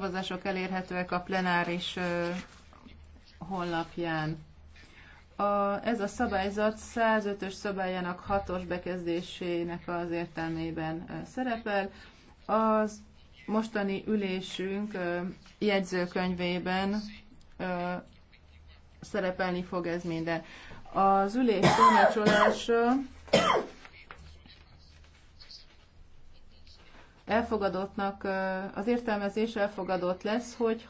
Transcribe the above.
szavazások elérhetőek a plenáris honlapján. A, ez a szabályzat 105-ös szabályának 6-os bekezdésének az értelmében szerepel. Az mostani ülésünk jegyzőkönyvében szerepelni fog ez minden. Az ülés tolmácsolása elfogadottnak, az értelmezés elfogadott lesz, hogy